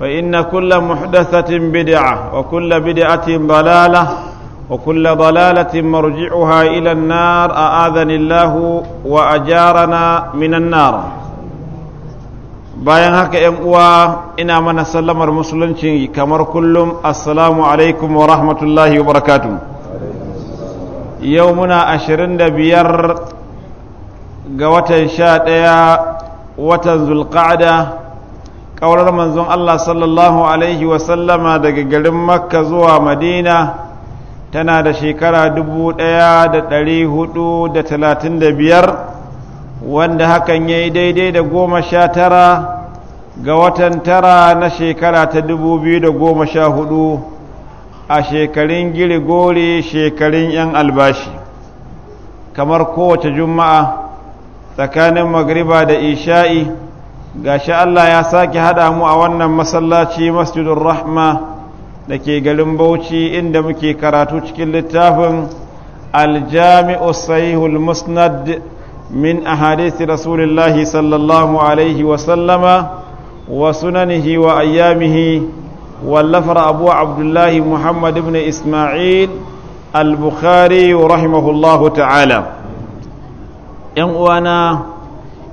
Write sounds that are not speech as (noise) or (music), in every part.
فإن كل محدثة بدعة وكل بدعة ضلالة وكل ضلالة مرجعها إلى النار أآذني الله وأجارنا من النار bayan haka ‘yan uwa ina mana sallamar musulunci kamar kullum assalamu alaikum wa rahmatullahi wa barakatu yau muna ashirin da biyar ga watan sha ɗaya watan zulƙa'ada ƙaurar manzon Allah sallallahu Alaihi wasallama daga garin Makka zuwa Madina tana da shekara dubu ɗaya da ɗari hudu da talatin da biyar wanda hakan ya yi daidai da goma sha tara ga watan tara na shekara ta dubu biyu da goma sha hudu a shekarun girigori shekarun 'yan albashi kamar kowace juma'a tsakanin magriba da isha'i gashi Allah ya sake haɗa mu a wannan masallaci masjidun rahma da ke garin bauchi inda muke karatu cikin littafin aljami'u sahihul musnad min ahadisi rasulillahi sallallahu alaihi wasallama wa sunanihi wa ayyamihi wallafar abu abdullahi muhammad ibn isma'il al-bukhari rahimahullahu ta'ala 'yan uwana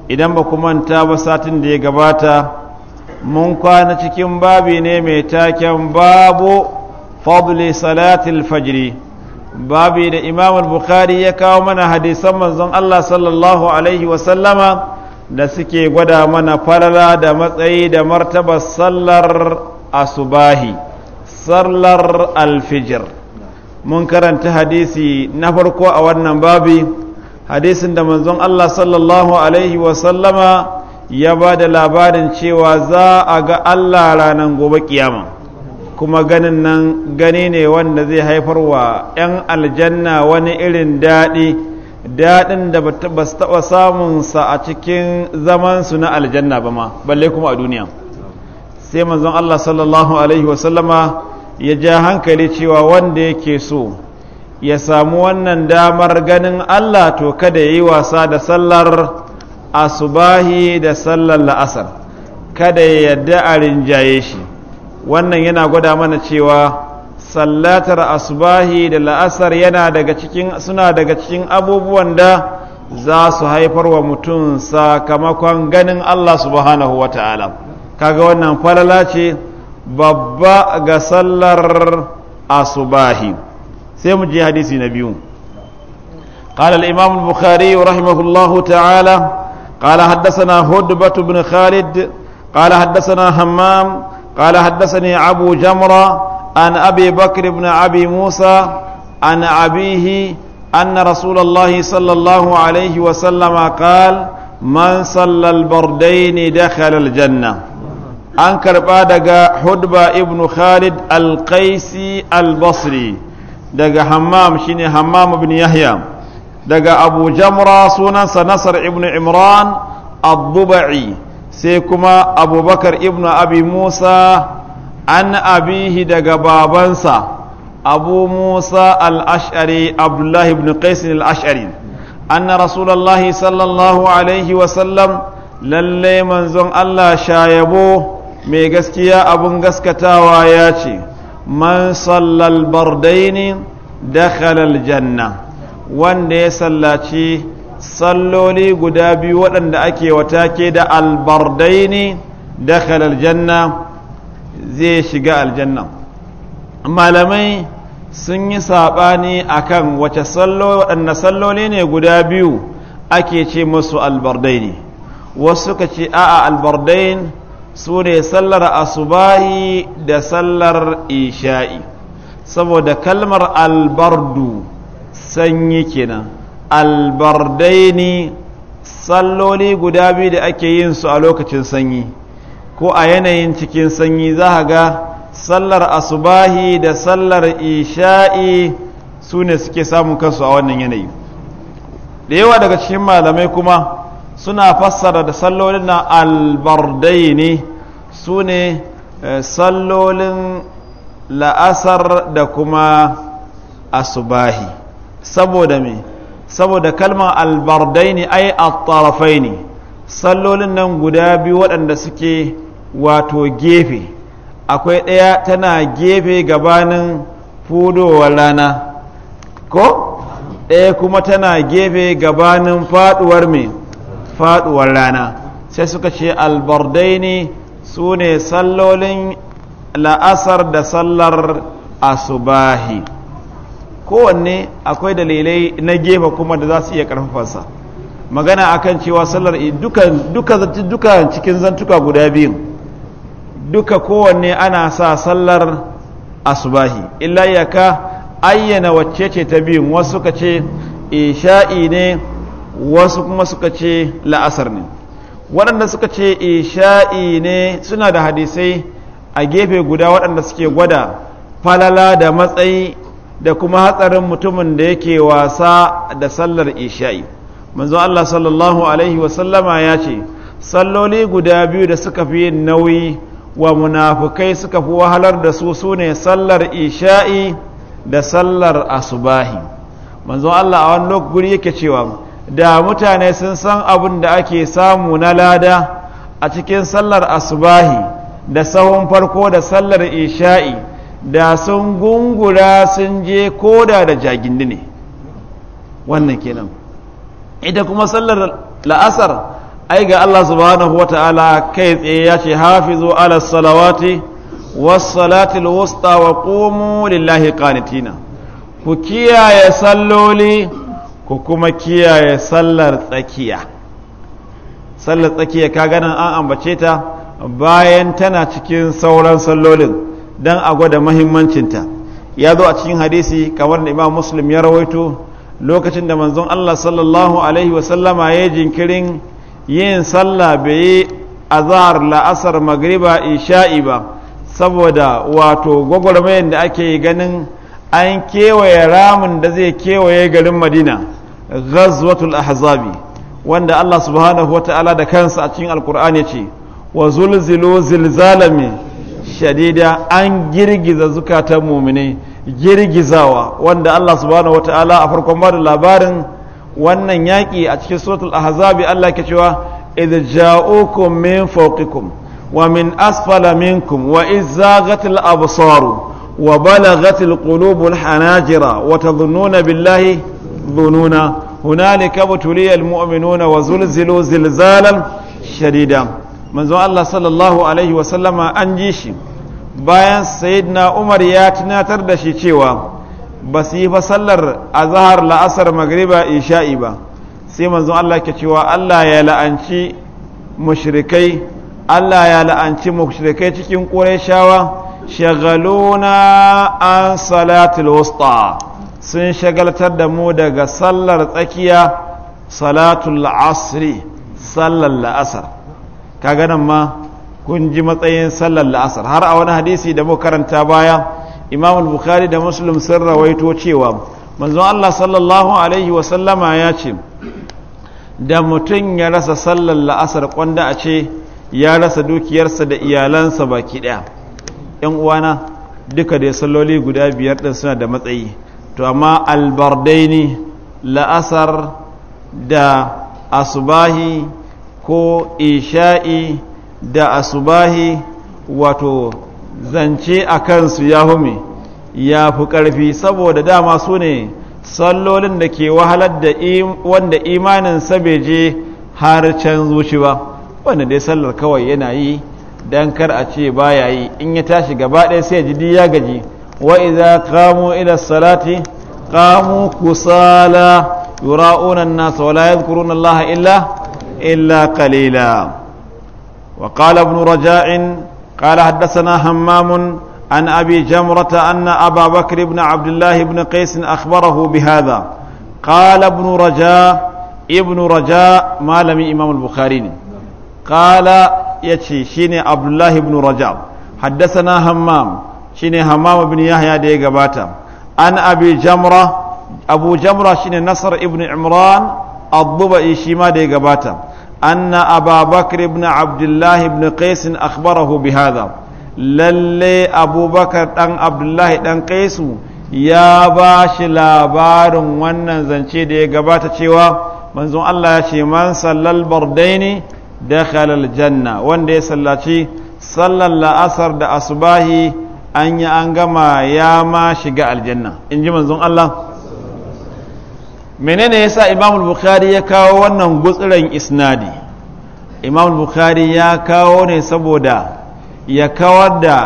idan ba ku manta ba satin da ya gabata mun kwana cikin babi ne mai taken babu fadli salatil fajri babi da imamul bukhari ya kawo mana hadisan manzon Allah sallallahu alaihi wasallama da suke gwada mana falala da matsayi da martaba sallar asubahi sallar alfijir mun karanta hadisi na farko a wannan babi hadisin da manzon Allah sallallahu alaihi wasallama ya ba da labarin cewa za a ga Allah ranar gobe kiyama kuma ganin nan gani ne wanda zai haifar wa 'yan aljanna wani irin daɗi daɗin da ba su samun sa a cikin zamansu na aljanna ba ma balle kuma a duniya sai manzon Allah sallallahu alaihi wasallama ya ja hankali cewa wanda yake so ya samu wannan damar ganin Allah to kada ya yi wasa da sallar asubahi da sallar la'asar kada ya yadda a rinjaye shi wannan yana gwada mana cewa sallatar asubahi da la'asar yana daga cikin suna daga cikin abubuwan da za su haifar wa mutum sakamakon ganin Allah subhanahu wa ta'ala kaga wannan falala ce babba ga sallar asubahi sai mu je hadisi na biyu قال الإمام البخاري رحمه الله تعالى قال حدثنا هدبة بن خالد قال حدثنا همام قال حدثني أبو جمرة عن أبي بكر بن أبي موسى عن أبيه أن رسول الله صلى الله عليه وسلم قال من صلى البردين دخل الجنة أنكر بعدك هدبة ابن خالد القيسي البصري daga hammam shine hammam ibn yahya daga abu jamra sunansa nasar ibn imran ad sai kuma abubakar ibn abi musa an abihi daga babansa abu musa al-ash'ari abdullahi ibn qais al-ash'ari anna rasulullahi sallallahu alaihi wasallam lallai manzon allah shayabo mai gaskiya abun gaskatawa ya ce man sallal bardaini dakhalal janna wanda ya sallaci salloli guda biyu waɗanda ake wata ke da albardaini dakhalal janna zai shiga aljanna malamai sun yi saɓani akan wace waɗanne salloli ne guda biyu ake ce musu albardaini wasu ka ce a'a albardaini. su ne sallar asubahi da sallar isha'i saboda kalmar albardu sanyi kenan albardaini salloli guda biyu da ake yin su a lokacin sanyi ko a yanayin cikin sanyi za a ga sallar asubahi da sallar isha'i su ne suke samun kansu a wannan yanayi da yawa daga cikin malamai kuma suna fassara da sallolin na albardai ne su eh, ne sallolin la'asar da kuma asubahi saboda me saboda kalmar albardai ne ai attarafai ne sallolin nan guda biyu waɗanda suke wato gefe akwai ɗaya tana gefe gabanin fudowar rana ko ɗaya kuma tana gefe gabanin faɗuwar mai faduwar rana sai suka ce albardaini su ne sallolin la'asar da sallar asubahi kowanne akwai dalilai na gefe kuma da za su iya karfafarsa magana akan cewa sallar duka cikin zantuka guda biyun duka kowanne ana sa sallar asubahi illa ka ayyana wacce ce ta biyun wasu ka ce isha'i ne wasu kuma suka ce la'asar ne waɗanda suka ce isha'i ne suna da hadisai a gefe guda waɗanda suke gwada falala da matsayi da kuma hatsarin mutumin da yake wasa da sallar isha'i manzo Allah sallallahu alaihi wasallama ya ce salloli guda biyu da suka fi yin nauyi wa munafukai suka fi wahalar da su su ne sallar isha'i da sallar asubahi manzo Allah a wani guri yake cewa da mutane sun san abin da ake samu na lada a cikin sallar asubahi da sahun farko da sallar isha'i da sun gungura sun je koda da jagindi ne wannan kenan ita kuma sallar la'asar ai ga Allah subhanahu wata'ala kai tsaye ya ce hafizu ala salawati wassalati alwusta wa qumu lillahi qanitina ku kiyaye salloli ku kuma kiyaye sallar tsakiya sallar tsakiya ka ganin an ambace ta bayan tana cikin sauran sallolin don a gwada mahimmancinta ya zo a cikin hadisi kamar da imam muslim ya rawaito lokacin da manzon allah sallallahu alaihi wasallama ya yi jinkirin yin sallah bai yi azahar la'asar magriba isha'i ba saboda wato gwagwarmayar da ake ganin an kewaye ramin da zai kewaye garin madina ghazwatul ahzabi wanda Allah subhanahu wata'ala da kansa a cikin alkur'ani ce wa zulzilu zilzalami shadida an girgiza zukatan muminai girgizawa wanda Allah subhanahu wata'ala a farkon ba labarin wannan yaƙi a cikin suratul ahzabi Allah ke cewa idh ja'ukum min fawqikum wa min asfala minkum wa izzaghatil absaru wa balaghatil qulubul hanajira wa tadhunnuna billahi يحضنون هنالك ابتلي المؤمنون وزلزلوا زلزالا شديدا من زو الله صلى الله عليه وسلم أنجيش bayan sayyidina umar ya tunatar da shi cewa ba su yi fasallar a zahar la'asar magriba isha'i ba sai manzon Allah ke cewa Allah ya la'anci mushrikai Allah ya la'anci mushrikai cikin ƙurai shawa shagaluna an salatul wusta sun shagaltar da mu daga sallar tsakiya salatul asri sallar la'asar kaga nan ma kun ji matsayin sallar la'asar har a wani hadisi da muka karanta baya imam bukhari da muslim sun rawaito cewa manzo allah sallallahu alaihi wa sallama ya ce da mutum ya rasa sallar la'asar kwanda a ce ya rasa dukiyarsa da iyalansa baki daya yan uwana duka da salloli guda biyar din suna da matsayi to amma albardaini la'asar da asubahi ko isha'i da asubahi wato zance a kansu ya hume ya fi ƙarfi saboda dama su ne sallolin da ke wahalar da wanda imanin sabeje har can zuci ba wanda dai sallar kawai yana yi don kar a ce baya yi in ya tashi gaba ɗaya sai ya ji ya gaji وإذا قاموا إلى الصلاة قاموا كسالى يراؤون الناس ولا يذكرون الله إلا إلا قليلا وقال ابن رجاء قال حدثنا همام عن أبي جمرة أن أبا بكر بن عبد الله بن قيس أخبره بهذا قال ابن رجاء ابن رجاء ما لم إمام البخاري قال يتشي شيني عبد الله بن رجاء حدثنا همام shine hammam bin yahya da ya gabata an abi jamra abu jamra shine nasar ibn imran ad shi ma da ya gabata anna ababakar ibn abdullah ibn qais akhbarahu bi hadha lalle abubakar dan abdullah dan qaisu ya ba shi labarin wannan zance da ya gabata cewa manzon Allah ya ce man sallal bardaini dakhala aljanna wanda ya sallaci sallar la'asar da asbahi an yi an gama ya ma shiga aljanna in ji manzon Allah menene yasa imamul bukhari ya kawo wannan gutsiran isnadi imamul bukhari ya kawo ne saboda ya kawar da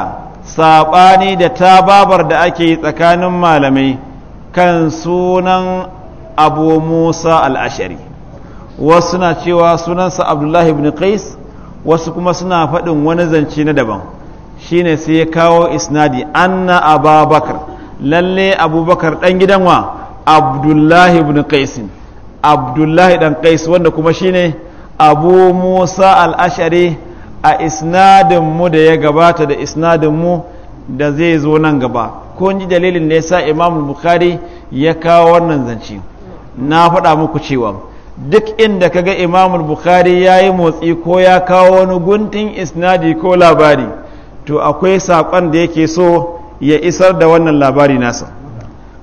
saɓani da tababar da ake yi tsakanin malamai kan sunan abu musa al'ashari wasu na cewa sunansa abdullahi ibn qais wasu kuma suna faɗin wani zance na daban shine sai ya kawo isnadi anna abubakar lalle abubakar dan gidan wa abdullahi ibn qais abdullahi dan qais wanda kuma shine abu musa al-ashari a isnadin mu da ya gabata da isnadin mu da zai zo nan gaba ko ji dalilin da yasa imam bukhari ya kawo wannan zance na faɗa muku cewa duk inda kaga imam bukhari ya yi motsi ko ya kawo wani guntun isnadi ko labari to akwai saƙon da yake so ya isar da wannan labari nasa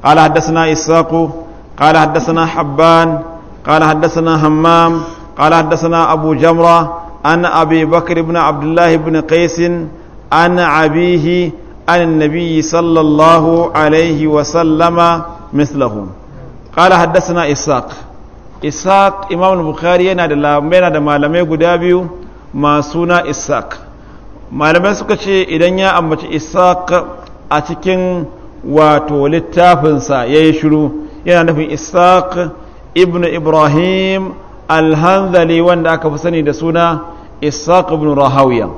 ƙala haddasana isaku ƙala haddasana habban ƙala haddasana hammam ƙala haddasana abu jamra an abi bakar ibn abdullahi ibn qaisin an abihi an nabi sallallahu alaihi wa sallama mislahu ƙala haddasana isaq isaq imam bukhari yana da malamai guda biyu Masuna na malamai suka ce idan ya ambaci isaq a cikin wato littafinsa ya yi shiru yana nufin isaq ibn ibrahim alhanzali wanda aka fi sani da suna isaq ibn rahawiya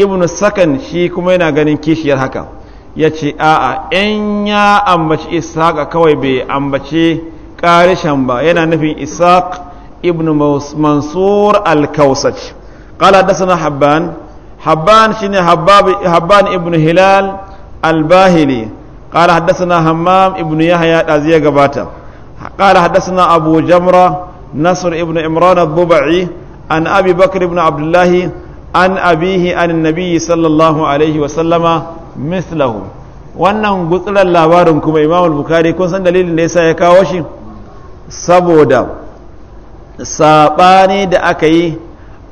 ibn sakan shi kuma yana ganin kishiyar haka ya ce a'a in ya ambaci isaq kawai bai ambaci karishan ba yana nufin isaq ibn mansur al kala قال حدثنا حبان حبان شنو حباب حبان ابن هلال الباهلي قال حدثنا همام ابن يحيى الازية قباتا قال حدثنا أبو جمرة نصر ابن عمران الضبعي عن أبي بكر بن عبد الله عن أبيه عن النبي صلى الله عليه وسلم مثله wannan gutsular labarin kuma imam bukari kun san dalilin da yasa ya kawo shi saboda saɓani da aka yi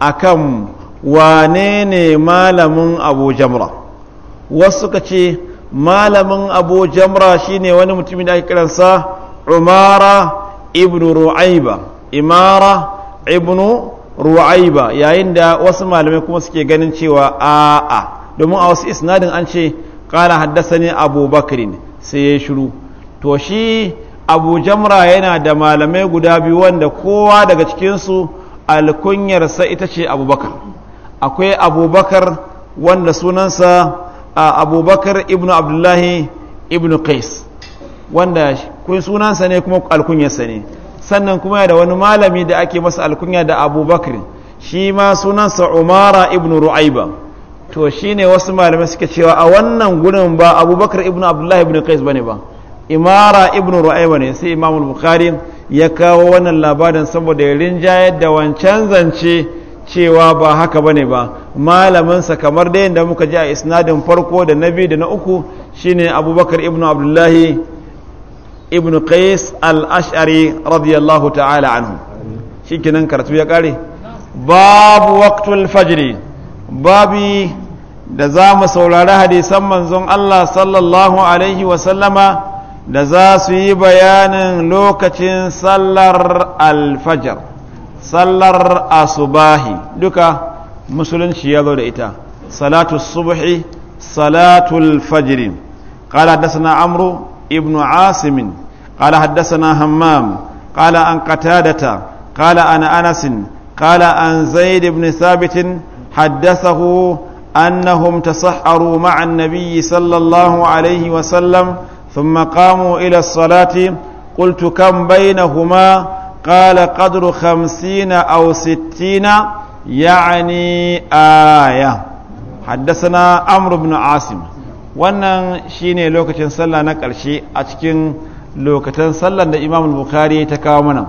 akan wane ne malamin abu jamra wasu suka ce malamin abu jamra shine wani mutumin da ake kiransa umara ibnu ru'aiba imara ibnu ru'aiba yayin da wasu malamai kuma suke ganin cewa a'a domin a wasu isnadin an ce kala haddasa ne abu bakirin sai ya shiru to shi abu jamra yana da malamai guda biyu wanda kowa daga cikinsu alkunyarsa ita ce abubakar akwai abubakar wanda sunansa abubakar ibn abdullahi ibn qais wanda kun sunansa ne kuma alkunyarsa ne sannan kuma ya da wani malami da ake masa alkunya da abubakar shi ma sunansa umara ibn ru'aiba to shi ne wasu malamai suka cewa a wannan gudun ba abubakar ibn abdullahi ibn qais bane ba imara ibn ru'aiba ne sai imamul bukhari ya kawo wannan labarin saboda ya rinjayar da wancan zance cewa ba haka ne ba malaminsa kamar da muka ji a isnadin farko da na biyu da na uku shine abubakar ibn abdullahi ibn qais al-ash'ari radiyallahu ta'ala anhu karatu ya kare babu waqtul fajri babi da za mu saurari hadisan manzon Allah sallallahu alaihi wa sallama da za su yi bayanin lokacin sallar alfajar sallar asubahi duka musulunci ya zo da ita salatu subhi salatul fajri قال حدثنا عمرو ابن عاصم قال حدثنا همام قال عن قتادة قال عن أنس قال عن زيد بن ثابت حدثه أنهم تصحروا مع النبي صلى الله عليه وسلم ثم قاموا إلى الصلاة قلت كم بينهما قال قدر خمسين أو ستين يعني آية حدثنا أمر بن عاصم wannan shine lokacin sallah na ƙarshe a cikin lokacin sallar da imam bukhari ta kawo mana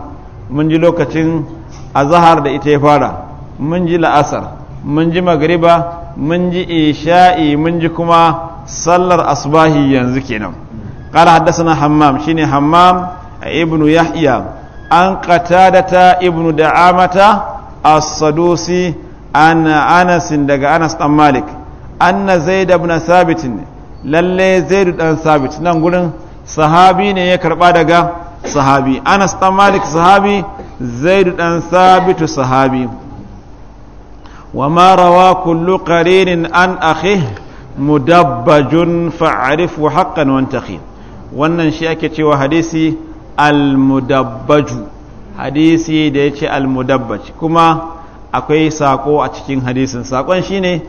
mun ji lokacin azahar da ita ya fara mun ji la'asar mun ji magriba mun ji isha'i mun ji kuma sallar asbahi yanzu kenan qala haddathana hammam shine hammam ibnu yahya an qatadata ibnu da'amata as-sadusi an anas daga anas dan malik anna zaid ibn thabit lalle zaid dan thabit nan gurin sahabi ne ya karba daga sahabi anas dan malik sahabi zaid dan thabit sahabi rawa kullu كل an akhi mudabbajun fa'rifu haqqan wa وانتخي wannan shi ake cewa hadisi almudabbaju hadisi da ya ce almudabbaj kuma akwai sako a cikin hadisin sakon shine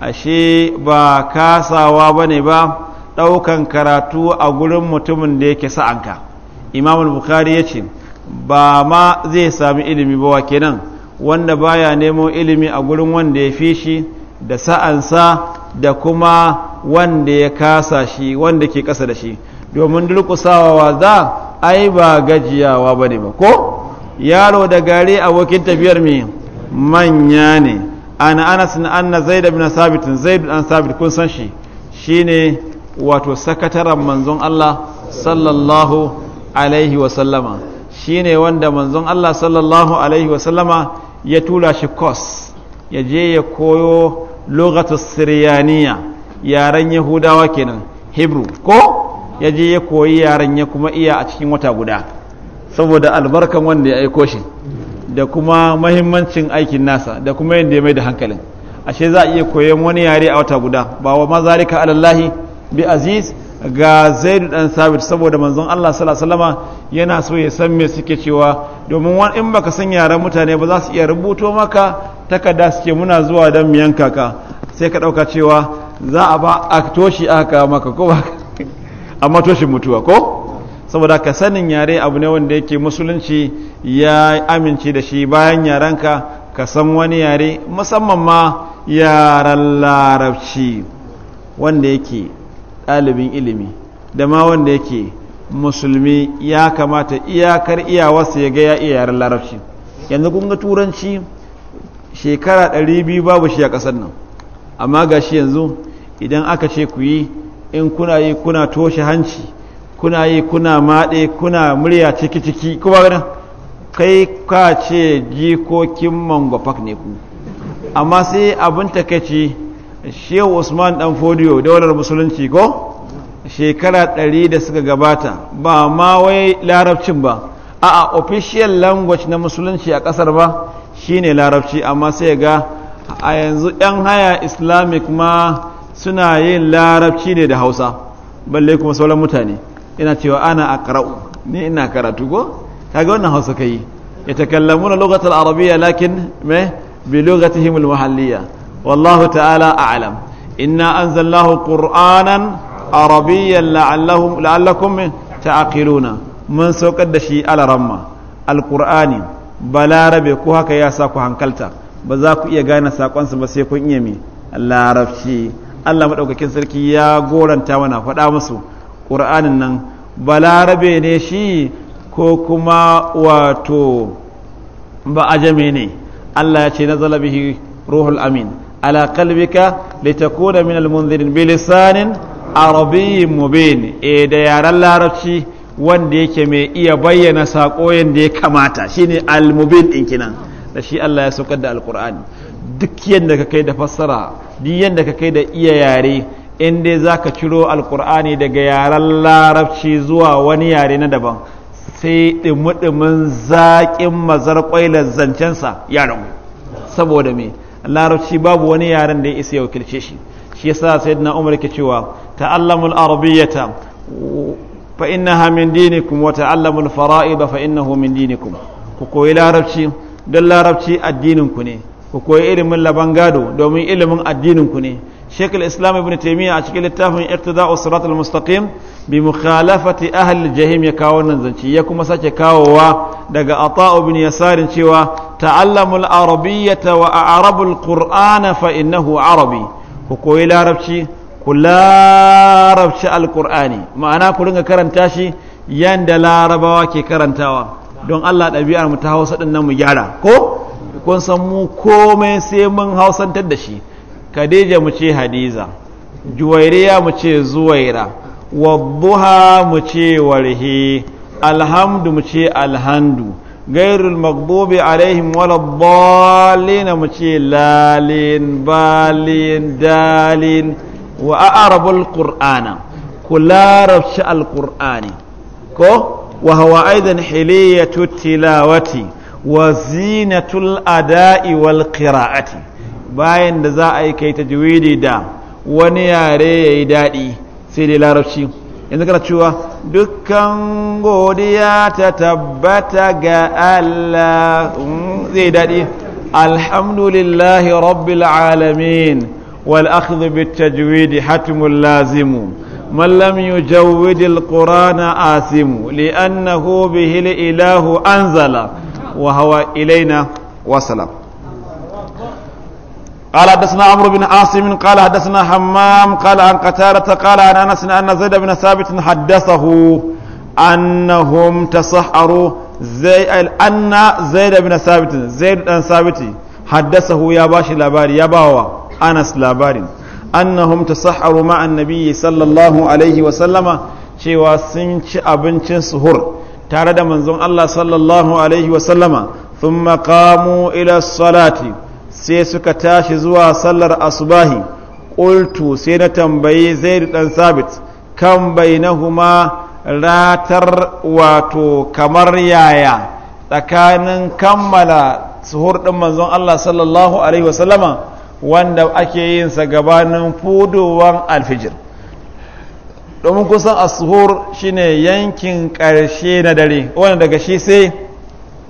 ashe ba kasawa ne ba ɗaukan karatu a gurin mutumin da yake sa'anka imamul bukhari ya ce ba ma zai sami ilimi ba kenan wanda baya nemo ilimi a gurin wanda ya fi shi da sa'ansa da kuma wanda ya kasa shi wanda ke kasa da shi domin durkusawa za ai ba gajiyawa ba ne ba ko yaro da gari abokin tafiyar mai manya ne an anas na anna zaid bin zai da an sabit kun san shi shi ne wato sakataren manzon Allah sallallahu alaihi wa sallama ne wanda manzon Allah sallallahu alaihi wa ya tula shi kos ya je ya koyo lokacin siriyaniya yaren yahudawa kenan hebrew ko ya je ya koyi yaran ya kuma iya a cikin wata guda saboda albarkan wanda ya aiko shi da kuma mahimmancin aikin nasa da kuma yadda ya mai da hankalin ashe za a iya koyon wani yare a wata guda ba wa mazalika alallahi bi aziz ga zaidu dan sabit saboda manzon Allah sallallahu yana so ya san me suke cewa domin wani in baka san yaren mutane ba za su iya rubuto maka takarda suke muna zuwa dan miyan kaka sai ka ɗauka cewa za a ba a toshi aka maka ko ba amma toshin mutuwa ko saboda ka sanin yare abu ne wanda yake musulunci ya amince da shi bayan yarenka ka san wani yare musamman ma yaren larabci wanda yake ɗalibin ilimi da ma wanda yake musulmi ya kamata iyakar iyawarsa ya ga ya iya yaren larabci yanzu kunga turanci shekara 200 babu shi a ƙasar nan amma ga shi yanzu idan aka ce ku yi in kuna yi kuna toshe hanci kuna yi kuna maɗe kuna murya ciki-ciki kuma gana kai ka ce jikokin mangwafak ne ku amma sai abin takaici shehu usman dan fodiyo daular musulunci ko shekara ɗari da suka gabata ba ma wai larabcin ba a a official language na musulunci a ƙasar ba shine larabci amma sai ga a yanzu 'yan haya islamic ma suna yin larabci ne da hausa balle kuma sauran mutane ina cewa ana aqra'u ina karatu ko kaga wannan hausa kai yatakallamuna lughata lokacin arabiyya lakin me bi lughatihim al-mahalliyya wallahu ta'ala a'lam inna anzalnahu qur'anan arabiyyan la'allahum ta ta'qiluna mun saukar da shi al-ramma balarabe ko haka ya sa ku hankalta ba za ku iya gane sakonsa ba sai kun iya mi larabci Allah maɗaukakin sarki ya goranta mana faɗa musu ƙur'anin nan balarabe ne shi ko kuma wato ba jami ne Allah ya ce na zalabihi ruhul amin ala kalbika litakuna min almunzirin bilisanin arabiyyin mubin e da yaren larabci wanda yake mai iya bayyana sako yadda ya kamata shine almubin ɗin kinan da shi Allah ya saukar da alƙur'ani duk yadda ka kai da fassara duk yadda ka kai da iya yare in dai za ka ciro alkur'ani daga yaren larabci zuwa wani yare na daban sai ɗumi zaƙin mazar ƙwailar zancensa ya ragu saboda me larabci babu wani yaren da ya isa ya wakilce shi shi yasa na umar ke cewa ta'allamul arabiyyata fa innaha min dinikum wa ta'allamul fara'id fa innahu min dinikum ku koyi larabci don larabci addinin ku ne ku koyi ilimin laban gado domin ilimin addinin ku ne Sheikh islam Ibn taimiyya a cikin littafin Iqtida'u Siratal Mustaqim bi mukhalafati ahli jahim ya kawo nan zance ya kuma sake kawowa daga Ata'u bin Yasarin cewa ta'allamul arabiyyata wa al qur'ana fa innahu arabi ku koyi larabci ku larabci alqur'ani ma'ana ku dinga karanta shi yanda larabawa ke karantawa don Allah ɗabi'ar mu ta Hausa din nan mu gyara ko kun san mu komai sai mun hausantar da shi kadeja mu ce hadiza juwairiya mu ce zuwaira wadduha mu ce warhe alhamdu mu ce alhandu gairul a alaihim wala dallin mu ce lalin balin dalin wa a'rabul qur'ana kula rabshi alqur'ani ko wa huwa aidan hiliyatu tilawati wazinatul ada'i wal qira'ati bayan da za a yi kai tajwidi da wani yare yayi daɗi, sai dai larabci yanzu kana cewa dukkan godiya ta tabbata ga Allah hmm, zai dadi alhamdulillahi rabbil alamin wal akhdhu bit tajwidi hatmul lazimu من لم يجود li annahu لأنه به ilahu anzala. وهو إلينا وسلام قال حدثنا عمرو بن عاصم قال حدثنا حمام قال عن قتالة قال عن أنس أن زيد بن ثابت حدثه أنهم تسحروا زي أن زيد بن ثابت زيد بن ثابت حدثه يا باشي لاباري يا باوا أنس لاباري أنهم تسحروا مع النبي صلى الله عليه وسلم cewa sun ci abincin suhur tare da manzon Allah sallallahu alaihi wasallama sun makamu ila salati sai suka tashi zuwa sallar asubahi ƙultu sai na tambayi zaid dan sabit kan bainahuma ratar wato kamar yaya tsakanin kammala suhur ɗin manzon Allah sallallahu alaihi wasallama wanda ake yin sa gabanin fudowan alfijir domin kusan asuhur shine yankin ƙarshe na dare wanda daga shi sai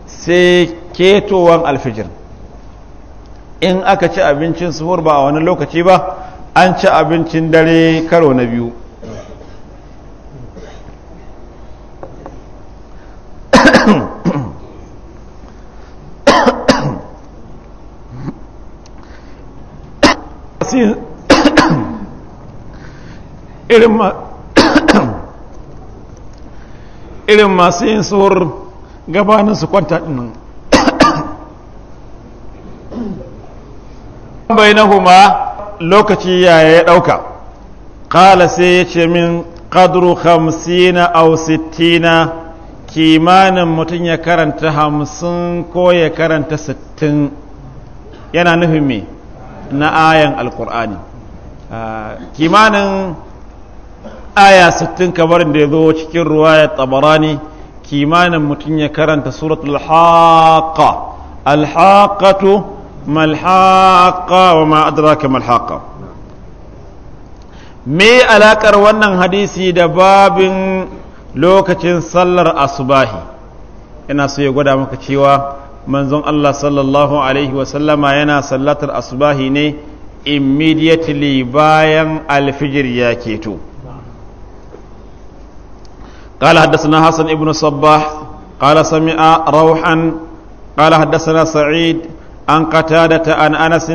sai ketowar alfijir in aka ci abincin suhur ba a wani lokaci ba an ci abincin dare karo na biyu (coughs) (coughs) irin irin masu yin tsohon gabanin su kwanta dinnan (coughs) bai na huma lokaci yaya ya ɗauka ƙala sai ya ce min ƙadru hamsina au sittina kimanin mutum ya karanta hamsin ko ya karanta sittin yana nufin me na ayan alkur'ani ah, kimanin aya 60 kamar da ya zo cikin ruwaya tabarani kimanin mutum ya karanta suratul haqa alhaqatu malhaqa wa ma adraka malhaqa me alakar wannan hadisi da babin lokacin sallar asubahi ina so ya gwada maka cewa manzon Allah sallallahu alaihi sallama yana sallatar asubahi ne immediately bayan alfijir ya keto قال حدثنا حسن ابن الصباح قال سمع روحا قال حدثنا سعيد عن قتادة عن أنس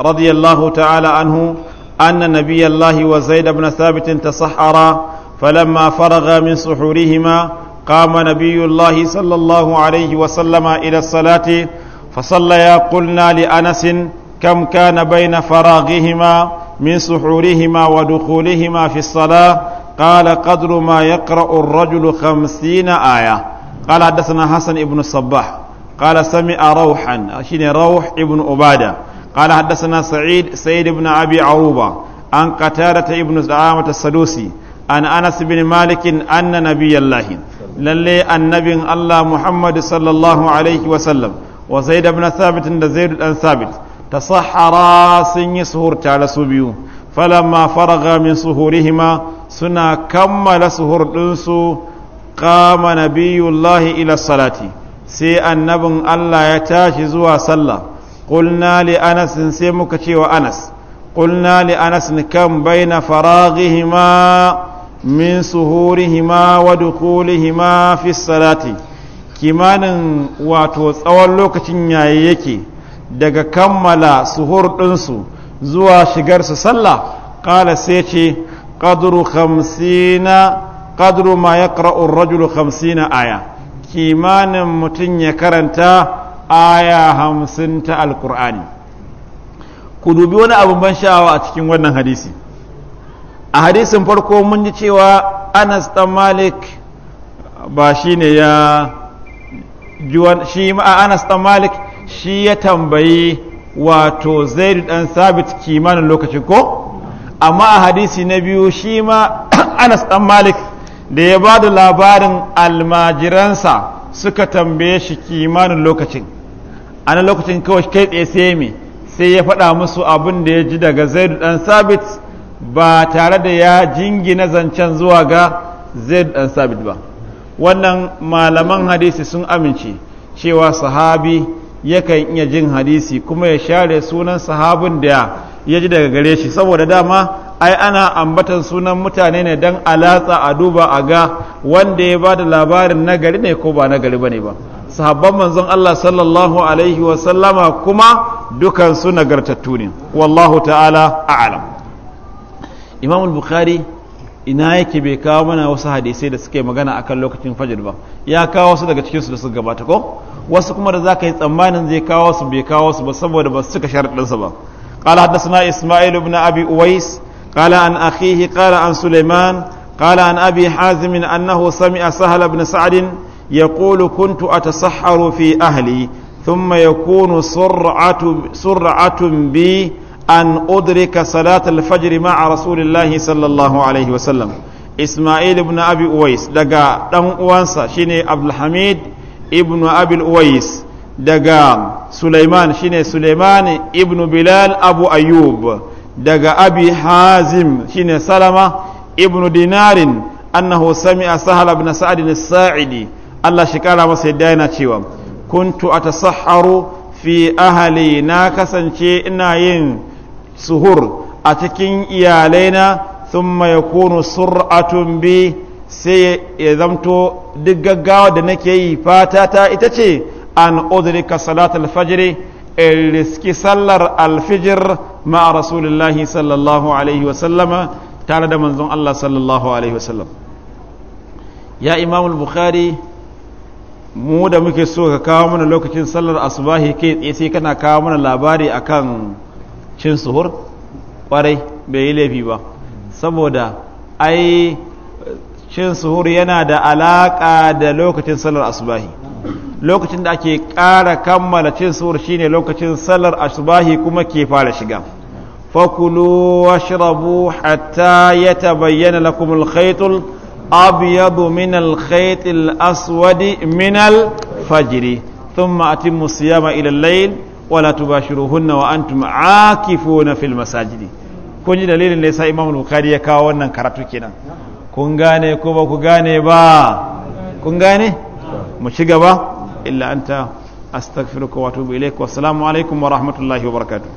رضي الله تعالى عنه أن نبي الله وزيد بن ثابت تسحرا فلما فرغ من سحورهما قام نبي الله صلى الله عليه وسلم إلى الصلاة فصليا قلنا لأنس كم كان بين فراغهما من سحورهما ودخولهما في الصلاة قال قدر ما يقرأ الرجل خمسين آية قال حدثنا حسن ابن الصباح قال سمع روحا شين روح ابن عبادة قال حدثنا سعيد سيد بن أبي عروبة عن قتادة ابن زعامة السدوسي عن أنس بن مالك أن نبي الله للي النبي الله محمد صلى الله عليه وسلم وزيد بن ثابت زيد بن ثابت تصحرا سن سهور تعالى سبيو فلما فرغ من سهورهما suna kammala suhur ɗinsu kama nabiyullahi ila salati sai annabin Allah ya tashi zuwa sallah ƙulna li anas sai muka ce wa anas ƙulna li anas bai na faraghihima min suhurihima wa dukulihima fi salati kimanin wato tsawon lokacin yayi yake daga kammala suhur ɗinsu zuwa shigarsu sallah ƙala sai ce qadru khamsina ya ma yaqra'u ar-rajulu khamsina aya kimanin mutum ya karanta aya hamsin ta alkur'ani ku dubi wani abin ban sha'awa a cikin wannan hadisi a hadisin farko mun ji cewa anas dan malik ba shi ne ya shi ma anas dan malik shi ya tambayi wato zaidu dan sabit kimanin lokaci ko amma a hadisi na biyu shi ma (coughs) anas dan malik da ya ba da labarin almajiransa suka tambaye shi kimanin lokacin ana lokacin kawai kai tsaye sai me sai ya faɗa musu abin da ya ji daga zaidu dan sabit ba tare da ya jingina zancen zuwa ga zaidu dan sabit ba wannan malaman hadisi sun amince cewa sahabi yakan iya jin hadisi kuma ya share sunan sahabin da ya ji daga gare shi saboda dama ai ana ambatan sunan mutane ne don alatsa a duba a ga wanda ya ba da labarin nagari ne ko ba nagari ba ne ba sahabban manzon Allah sallallahu alaihi wasallama kuma dukansu nagartattu ne wallahu ta'ala a'alam imam bukhari ina yake bai kawo mana wasu hadisai da suke magana akan lokacin fajr ba ya kawo wasu daga cikinsu da suka gabata ko wasu kuma da za ka yi tsammanin zai kawo su bai kawo su ba saboda ba su cika sharaɗinsa ba قال حدثنا إسماعيل بن أبي أويس قال عن أخيه قال عن سليمان قال عن أبي حازم أنه سمع سهل بن سعد يقول كنت أتسحر في أهلي ثم يكون سرعة, سرعة بي أن أدرك صلاة الفجر مع رسول الله صلى الله عليه وسلم إسماعيل بن أبي أويس دقا دم أوانسا شيني عبد الحميد ابن أبي الأويس daga Sulaiman shine Sulaiman ibnu Bilal Abu Ayyub daga Abi Hazim shine Salama ibnu Dinarin annahu sami'a Sahal ibn Sa'd saidi Allah shi kara masa yadda yana cewa kuntu atasahharu fi ahli na kasance ina yin suhur a cikin iyalaina thumma yakunu sur'atun bi sai ya zamto duk gaggawa da nake yi fata ta ita ce an udrika salat al-fajr in e riski sallar alfijir ma'a rasulillahi sallallahu alaihi sallama tare da manzon Allah sallallahu alaihi sallam ya imamul bukhari mu da muke so ka kawo mana lokacin sallar asubahi kai tsaye sai kana kawo mana labari akan cin suhur kwarai bai yi laifi ba saboda ai cin suhur yana da alaka da lokacin sallar asubahi lokacin da ake ƙara kammala cin suhur shine lokacin sallar asubahi kuma ke fara shiga fakulu shirabu hatta ya lakum lakumul khayt abiyadu minal min aswadi minal fajiri aswad ma al-fajr thumma atimmu siyama ila al wa an tubashiruhunna wa antum fil masajid kun ji dalilin da yasa Imam Bukhari ya kawo wannan karatu kenan kun gane ko ba ku gane ba kun gane mu ci gaba إلا أنت أستغفرك وأتوب إليك والسلام عليكم ورحمة الله وبركاته